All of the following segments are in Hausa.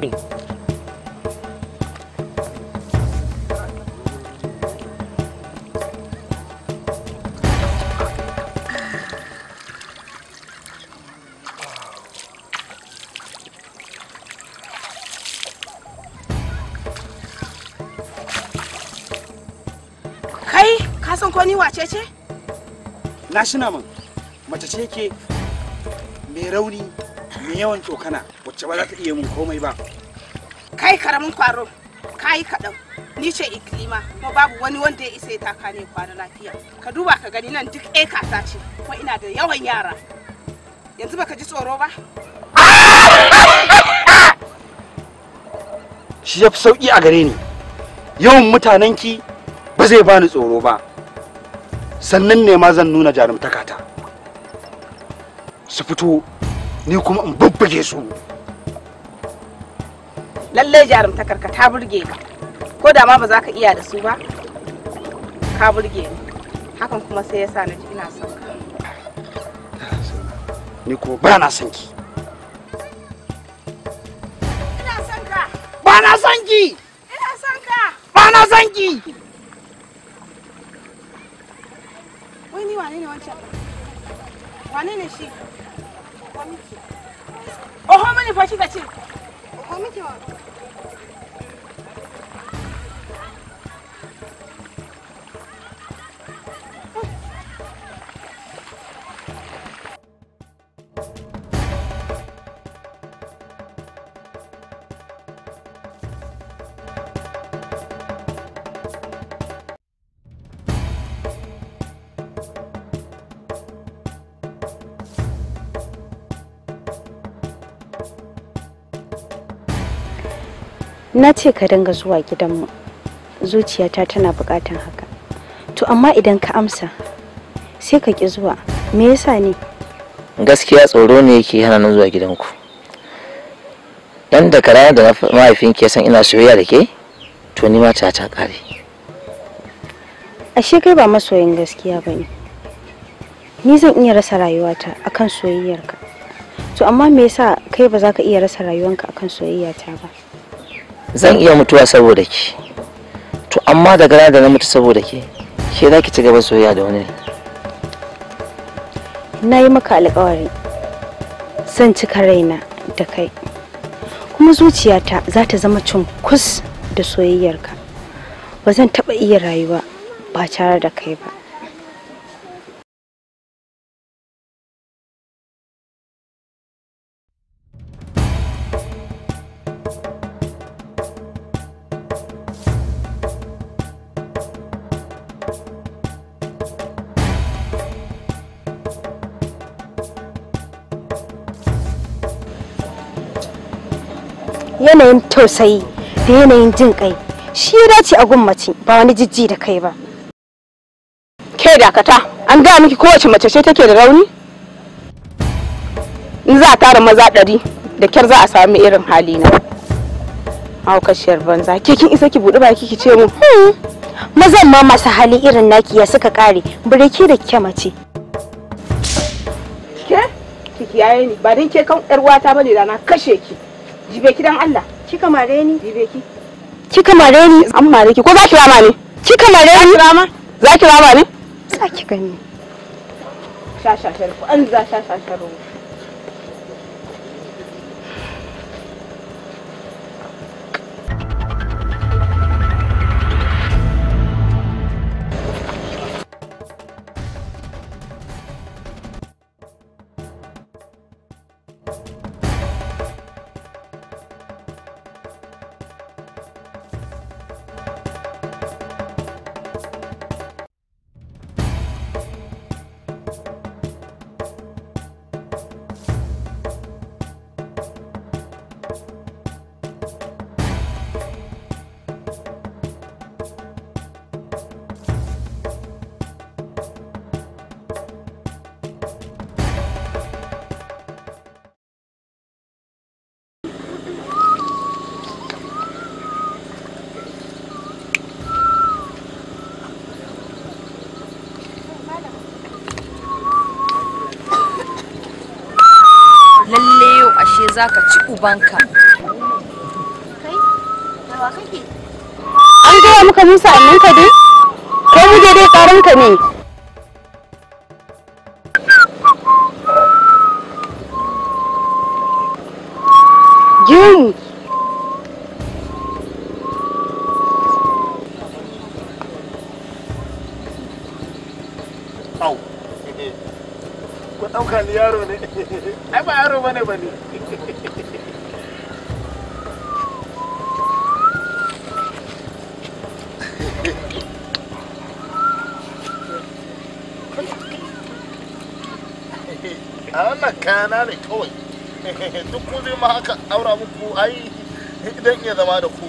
kai ka san ko ni wace ce na shi man mace ce ke mai rauni mai yawan tsokana wacce ba za ta iya mun komai ba kai karamin kwaro kai kaɗan ni ce iklima kuma babu wani wanda ya isa ya taka ne kwana lafiya ka duba ka gani nan duk eka ta ce kuma ina da yawan yara yanzu baka ji tsoro ba shi ya fi sauƙi a gare ni yawan mutanen ki ba zai bani tsoro ba sannan ne ma zan nuna jarumtaka ta su fito ni kuma in bubbuge su lallai jarumtakar ka ta burge ni ko da ma ba za ka iya da su ba ka burge ni hakan kuma sai ya sa na ji ina son ka ni ko ba na son ki ina son ka ba na son ki ina son ka ba na son ki wai ni wane ne wancan wane ne shi oho mani fa ka ce 没叫。na ce ka dinga zuwa gidanmu zuciyata tana bukatan haka to amma idan ka amsa sai ka ki zuwa me yasa ne gaskiya tsoro ne yake hana nan zuwa gidanku dan da ranar da mahaifinki ya san ina soyayya da ke to ni ma ta kare ashe kai ba masoyin gaskiya ba ne ni zan iya rasa rayuwata akan soyayyarka to amma me yasa kai ba za ka iya rasa rayuwanka akan soyayyata ba zan iya mutuwa saboda ki to amma daga ranar da na mutu saboda ke ke za ki ci gaba soyayya da wani na yi maka alkawari zan cika raina da kai kuma zuciyata za ta zama cunkus da soyayyarka ba zan taɓa iya rayuwa ba tare da kai ba yanayin tausayi da yanayin jin kai shi ya dace a gummaci ba wani jijji da kai ba ke dakata an gaya miki kowace mace ce take da rauni in za a tara maza ɗari da kyar za a sami irin hali na kashiyar banza ke kin isa ki buɗe baki ki ce mu hmm, mazan ma masu hali irin naki ya suka kare birki da ke mace ke ki kiyaye ni ba din ke kan yar wata bane da na kashe ki jibe ki dan Allah kika mare ni jibe ki kika mare ni an mare ki ko za ki rama ne kika mare ni rama za ki rama ne za ki gani sha sha sha an za sha sha sha za ka ci ubanka an gaya muka musa ka dai kai muje dai karanka ne June. Au, ɗauka ni yaro ne, ai ba yaro bane bane. kawai duk ku zai ma haka aura muku ai idan iya zama da ku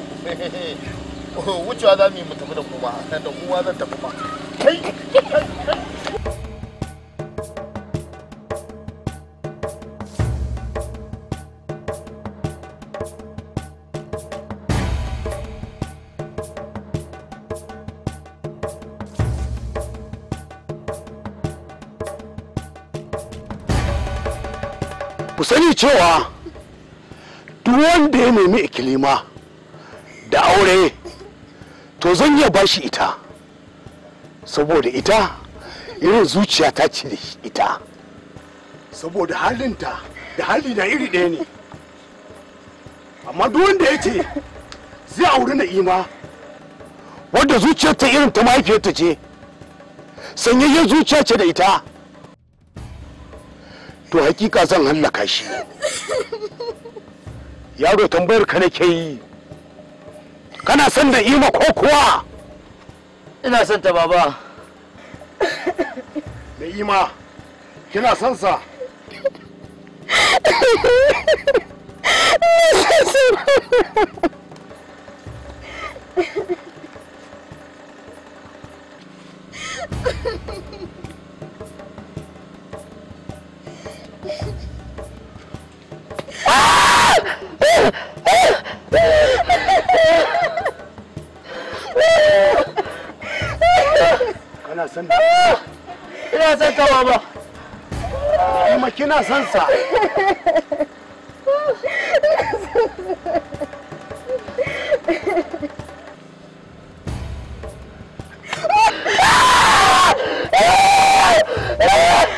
wucewa za mu yi mu tafi da kuma da kuma zan tafi ma ku sani cewa duk wanda ya nemi ikilima da aure to zan iya bashi ita saboda ita irin zuciya ta ce ita saboda halinta da hali na iri ɗaya ne amma duk wanda ya ce zai auri na Wanda wadda zuciyarta irin ta mahaifiyarta ce sanyayyen zuciya ce da ita to hakika zan hallaka shi yaro tambayar ka nake yi kana son da ima ko kuwa ina son ta baba da ima kina son sa Ha ha ha. Kana san Ina san ka baba. Amma kina san sa. Ah!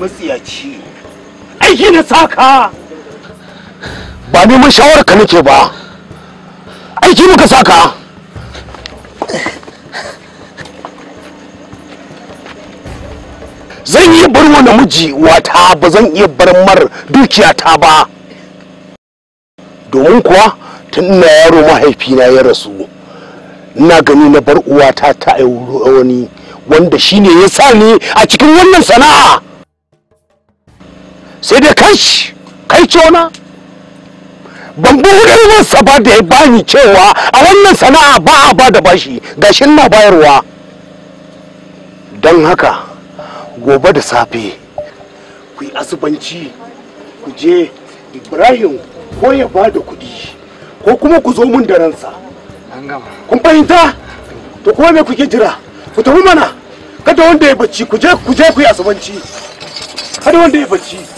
matsiyaci aiki na saka ba neman shawarar ka nake ba aiki muka saka zan yi bar wani miji wata ba zan iya bar mar dukiyata ba domin kuwa tun ina yaro mahaifina ya rasu ina gani na bar uwata ta wani wanda shine ya sa ni a cikin wannan sana'a sai dai kai kai cona ban buɗe ba da ya bani cewa a wannan sana'a ba a ba da bashi gashi na bayarwa don haka gobe da safe ku yi asubanci ku je ibrahim ko ya ba da kuɗi ko kuma ku zo mun da ransa kun fahimta to kuma me kuke jira ku tafi mana kada wanda ya bacci ku je ku je ku yi asubanci kada wanda ya bacci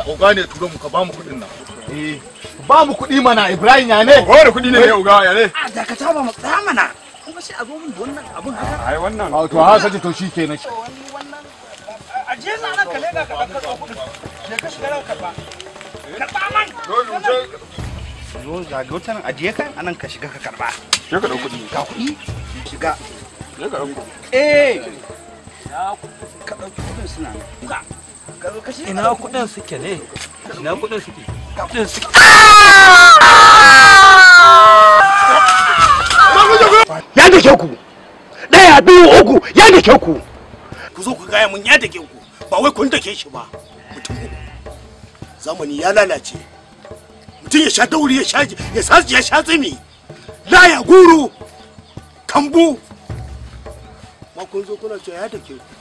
Allah oga ne turo mu ka ba mu kudin nan eh ba mu kudi mana Ibrahim ya ne ko da kudi ne eh. oga ya ne a da ka taba mu da mana kuma shi a zo mun wannan abun haka ai wannan to ha saki to shi kenan nan ka ka ka ka shiga ka ba eh. karba man ga nan ajiye ka anan ka shiga ka karba shiga ka eh. suna ina kudin suke ne ina kudin suke kudin suke ya da dake ku daya biyu uku ya da dake ku ku zo ku gaya mun ya da dake ku ba wai kun dake shi ba mutum zamani ya lalace mutum ya sha dauri ya sha ya saji ya sha tsimi la ya guru kambu ma kun zo kuna cewa ya dake ku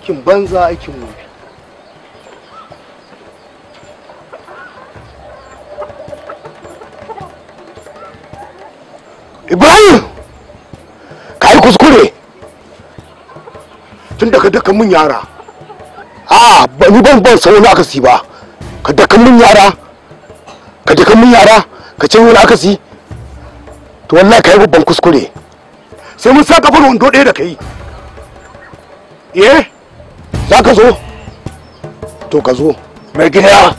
aikin banza aikin wofi ibrahim ka yi kuskure tun daga daka mun yara a ni ban ban san wani akasi ba ka daka mun yara ka daka mun yara ka ce wani akasi to wallahi ka yi babban kuskure sai mun sa kafar wando ɗaya da ka yi eh za ka zo to ka zo mai gida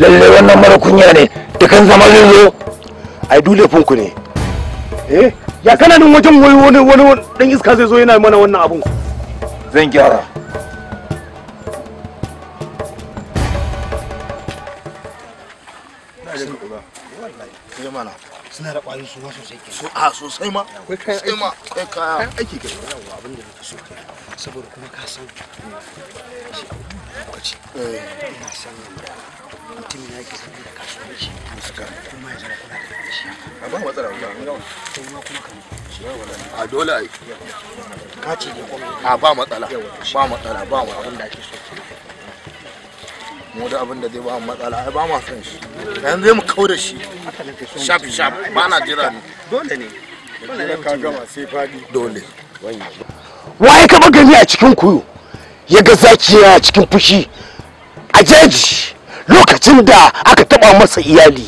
lalle wannan mara kunya ne da kan zama zai zo ai dole ku ne eh ya kana nan wajen wani wani wani dan iska zai zo yana mana wannan abun zan gyara suna da ƙwarin suma sosai ke so a sosai ma kai kayan aiki kai kayan aiki kai abin da nake so kai saboda kuma ka san shi a lokaci ina san mutum ya ke sanar da kasuwanci kuma ya kuna da a ba matsala ba ma kuma kan a dole ai ka ce ne kuma a ba matsala ba matsala ba matsala abin da ake so mu da abin da zai ba matsala ai ba ma son shi yanzu mu kau da shi shaf shaf ba na jira ne dole ne dole ne ka gama sai dole waye kaba gani a cikin kuyo ya ga zaki a cikin fushi a jeji lokacin da aka taba masa iyali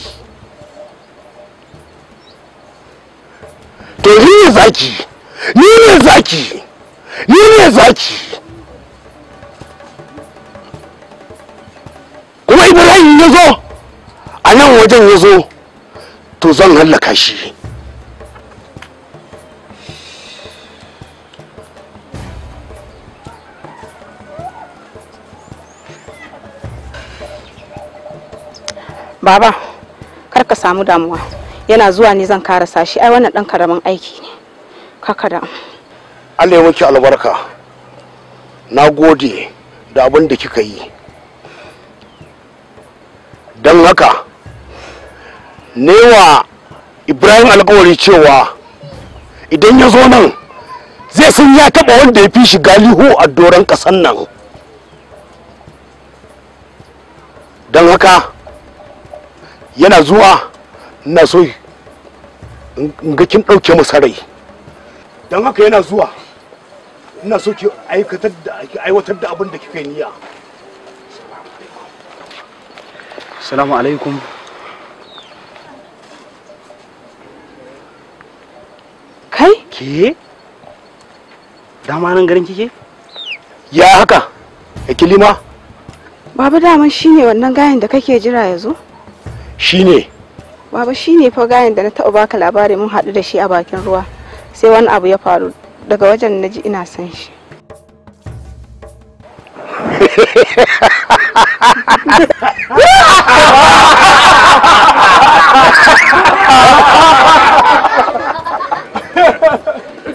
to ni ne zaki ni ne zaki ni ne zaki kuma ibrahim ya zo a nan wajen ya zo to zan hallaka shi baba kar ka samu damuwa yana zuwa ne zan karasa shi ai wannan dan karamin aiki ne kaka da Allah ya miki albarka na gode da abin da kika yi don haka newa ibrahim alkawari cewa idan ya zo nan zai san ya taba wanda ya fi shi galihu a doron kasan nan don haka yana zuwa ina so in ga kin ɗauke masa rai don haka yana zuwa ina so ki aiwatar da abin da kika yi niyya salamu alaikum kai ke dama nan garin kike ya haka kilima baba dama shine wannan gayin da kake jira ya zo shine baba shine fa gayan da na taba baka labari mun haɗu da shi a bakin ruwa sai wani abu ya faru daga wajen na ji ina san shi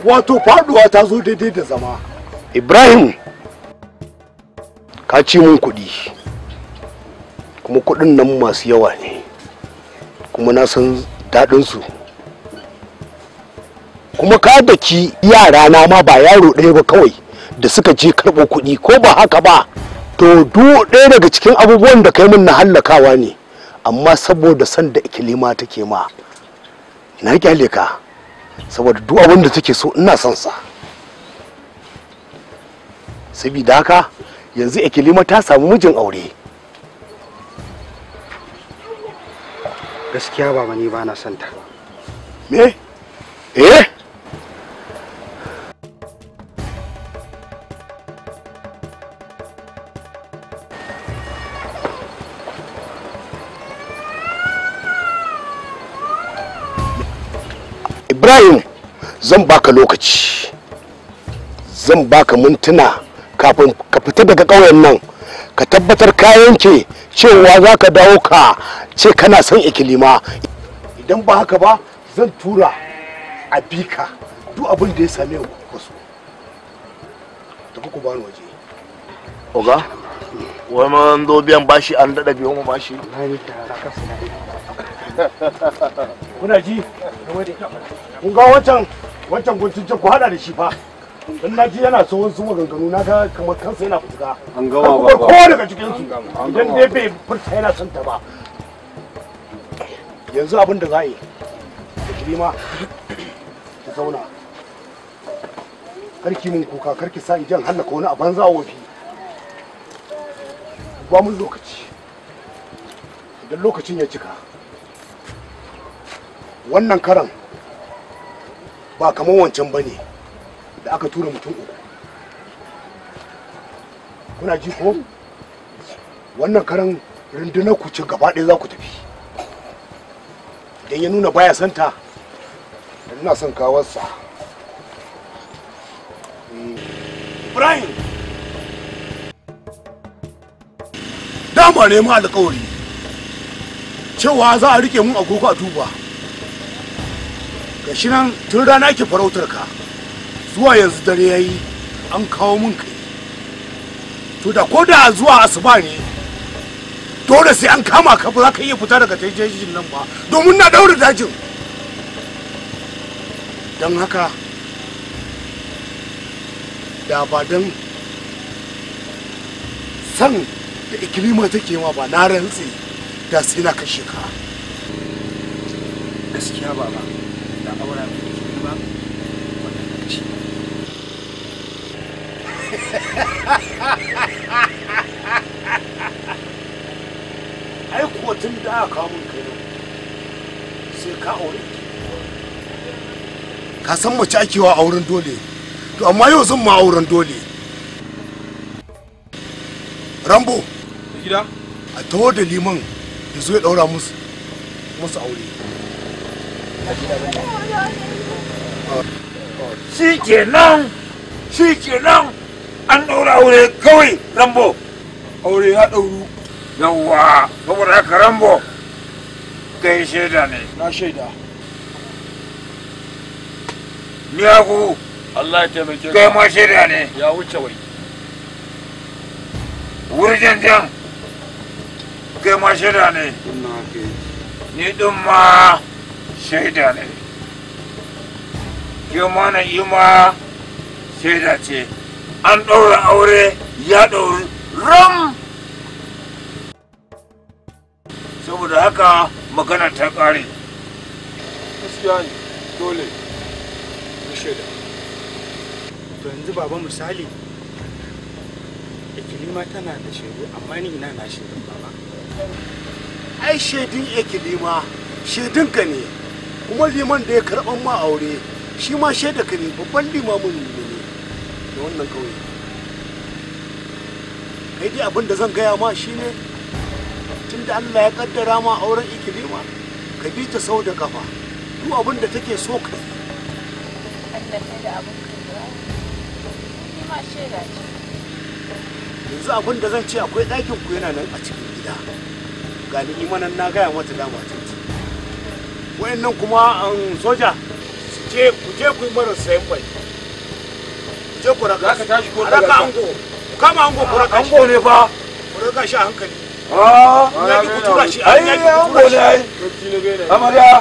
wato faduwa ta zo daidai da zama ibrahim ka ci mun kuɗi kuma kuɗin nan masu yawa ne kuma na san su kuma ka da ki yara na ma ba yaro ɗaya ba kawai da suka je karɓo kuɗi ko ba haka ba to duk ɗaya daga cikin abubuwan da kai min na hallakawa ne amma saboda san da ikilima take ma na kyale ka saboda duk abin da take so ina son sa saboda haka yanzu ikilima ta samu mijin aure gaskiya ba ni ba na son ta me eh Ibrahim zan baka lokaci zan baka mintuna kafin ka fita daga ƙauyen nan ka tabbatar ka yanke cewa za ka dawo ka ce kana son ikilima idan ba haka ba zan tura a bika duk abin da ya same ku so tafi ku bani waje oga wai ma zo biyan bashi an dada biyan mu bashi kuna ji kun ga wancan wancan gunjin ku hada da shi fa in na ji yana tsohon su maganganu na ga kamar kansa yana fituka an gama ba ko daga cikin su idan dai bai furta yana son ta ba yanzu abin da za a yi da kirima ta zauna karki min kuka karki sa idan hallaka wani a banza wofi ba mun lokaci idan lokacin ya cika wannan karan ba kamar wancan ba ne da aka tura mutum uku kuna ji ko wannan karan rundunar ku ce gaba ɗaya za ku tafi idan ya nuna baya santa ina son kawarsa Ibrahim dama ne mu alƙawari cewa za a rike mun agogo a duba ga shi nan tun rana ake farautar ka zuwa yanzu dare ya yi an kawo min kai to da ko da zuwa asuba ne dole sai an kama ka ba za ka iya fita daga jejin nan ba domin na daura dajin don haka da ba don san da ikilima take ma ba na rantse da sai na kashe ka gaskiya ba ba da aura da ikilima wannan kashe ai kuwa tun da aka kawo mun kai sai ka aure ka san mace ake wa auren dole to amma yau zan ma auren dole rambo gida a taho da liman ya zo ya daura musu musu aure shi kenan shi kenan an ɗaura aure kawai rambo aure ya ɗauru yawwa saboda haka rambo kai shaida ne na shaida ni Allah ya taimake kai ma shaida ne ya wuce wai wurjan jan kai ma shaida ne ni din ma shaida ne ke mana ima shaida ce an ɗaura aure ya ɗauri ram saboda haka magana ta ƙare gaskiya ne dole na shaida to yanzu baba misali ikilima tana da shaidu amma ni ina na shaidun baba ai shaidun ikilima shaidunka ne kuma liman da ya karɓar ma aure shi ma shaidaka ne babban limamin ne da wannan kawai kai dai abin da zan gaya ma shine tun da allah ya kaddara ma auren ikilima ka bi ta sau da kafa duk abin da take so ka yi yanzu abin da zan ce akwai ɗakin ku yana nan a cikin gida ga ni imanan na gaya mata dama wa'in nan kuma um, soja su je ku je ku yi mara sayan bai je ku ka tashi ko raka ango kama ango ku ango ne fa ku shi a hankali ah ya ki shi ai ango ne ai amarya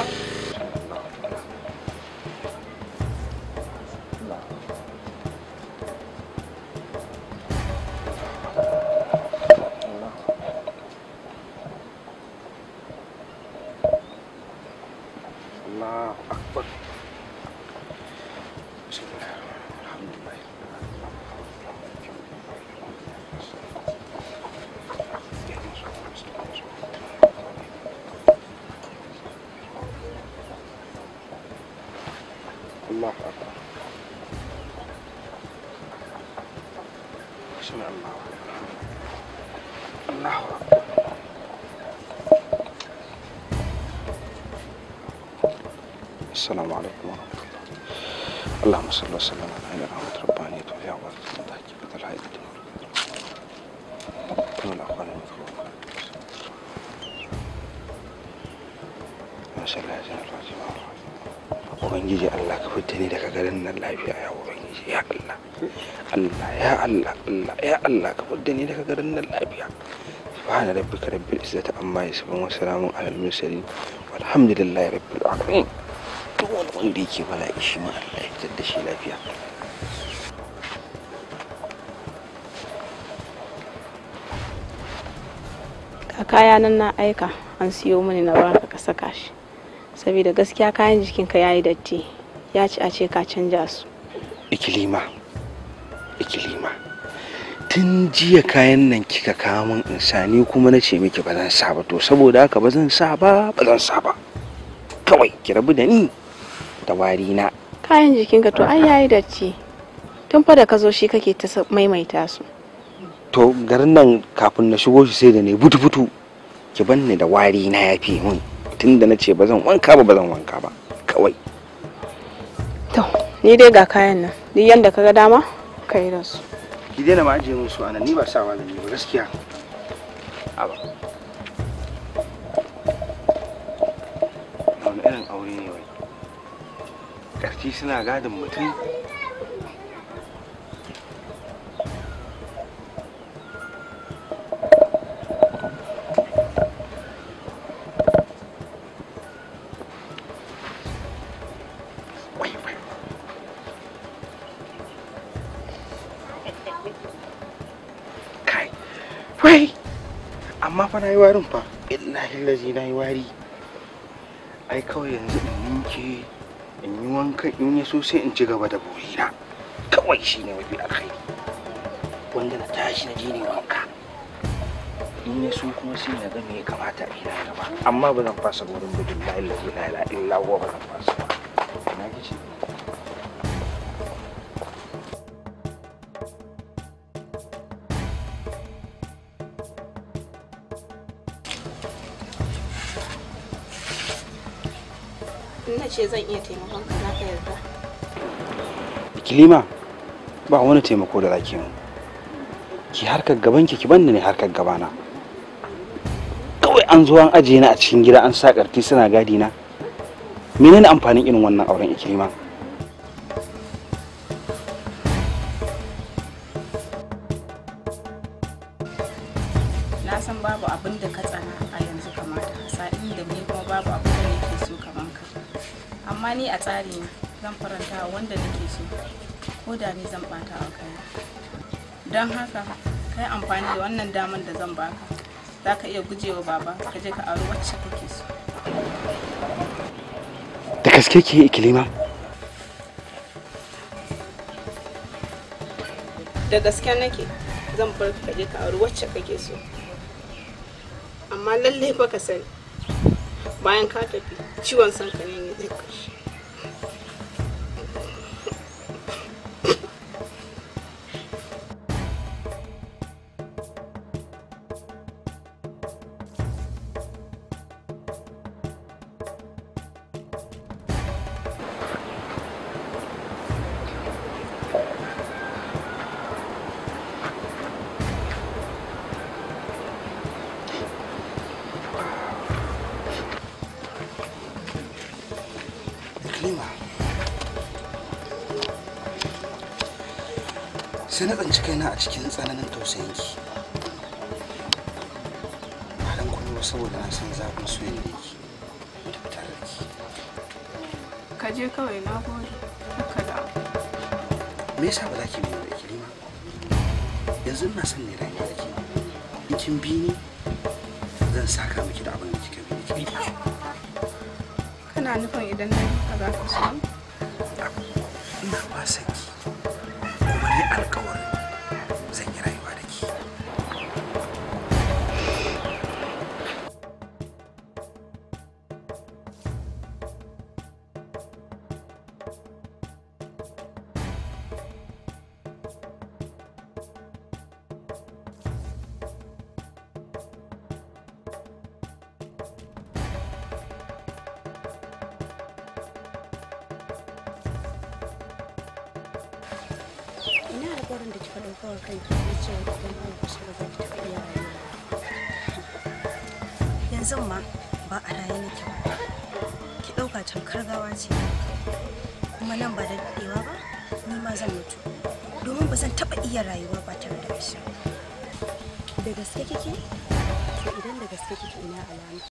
Allah akbar. Bismillah. السلام عليكم ورحمة الله اللهم صل وسلم على عين رحمة ربانية وفي عوضة الله كيفة الحياة الدنيا كل الأخوان المذكورين نسأل الله جل وعلا وين جي الله كفتني لك قال إن الله في عيا وين جي يا الله الله يا الله يا الله كفتني لك قال إن الله في سبحان ربك رب العزة عما يصفون وسلام على المرسلين والحمد لله رب العالمين duk wani wanda yake bala'i shi ma Allah ya fitar da shi lafiya kaya nan na aika an siyo mini na baka ka saka shi saboda gaskiya kayan jikinka ya yi datti ya ci a ce ka canja su ikilima ikilima tun jiya kayan nan kika kawo min insani kuma na ce miki ba zan sa ba to saboda haka ba zan sa ba ba zan sa ba kawai ki rabu da ni da wari na kayan jikinka to ai yayi datti tun fa da ka zo shi kake ta maimaita su to garin nan kafin na shigo shi sai da ne butu butu ki banni da wari na ya fi mun tun da na ce ba zan wanka ba ba zan wanka ba kawai to ni dai ga kayan nan duk yanda kaga dama ka yi da su ki daina ma ajiye musu anan ni ba sawa ne ba gaskiya ciki suna gadin mutum amma fa na yi warin fa illahi lazi na yi wari ai kawai yanzu in ninke in yi wankan in yi so sai in ci gaba da burina kawai shi ne mafi alkhairi wanda na tashi na je wanka in yi so kuma sai na ga me ya kamata a yi na gaba amma ba zan fasa gurin bidin la laila illa huwa ba zan fasa ba ce zan iya taimakon za ka yarda kilima ba wani taimako da zaki yi. ki harkar gaban ki ki banda ne harkar gabana kawai an zo an ajiye ni a cikin gida an sa karti suna gadi na menene amfanin irin wannan auren ikilima na san babu abin da ka tsana a yanzu kamata sa'in da ni kuma babu abin amma ni a tsari zan faranta wanda nake so ko da ni zan bata wa kai don haka kai amfani da wannan damar da zan baka za ka iya gujewa baba ka je ka aro wacce kake so da gaske ke ikilima da gaske nake zan bar ka je ka aro wacce kake so amma lallai ba ka sani bayan ka tafi ciwon sanka ne zai kashe sai na tsanci kaina a cikin tsananin tausayin ki ba dan kullu saboda na san zafin soyayya da yake da tare da ke. ka je kawai na gode haka da me yasa ba za ki nuna da kirima yanzu ina son ne rayuwa da ke in kin bi ni zan saka miki da abin da kika bi kana nufin idan na yi ka za ka so aiki yanzu ma ba a raye nake ba ki ɗauka tamkar gawa ce kuma nan ba da daɗewa ba ni ma zan mutu domin ba zan taɓa iya rayuwa ba tare da shi da gaske kike to idan da gaske kike ina alama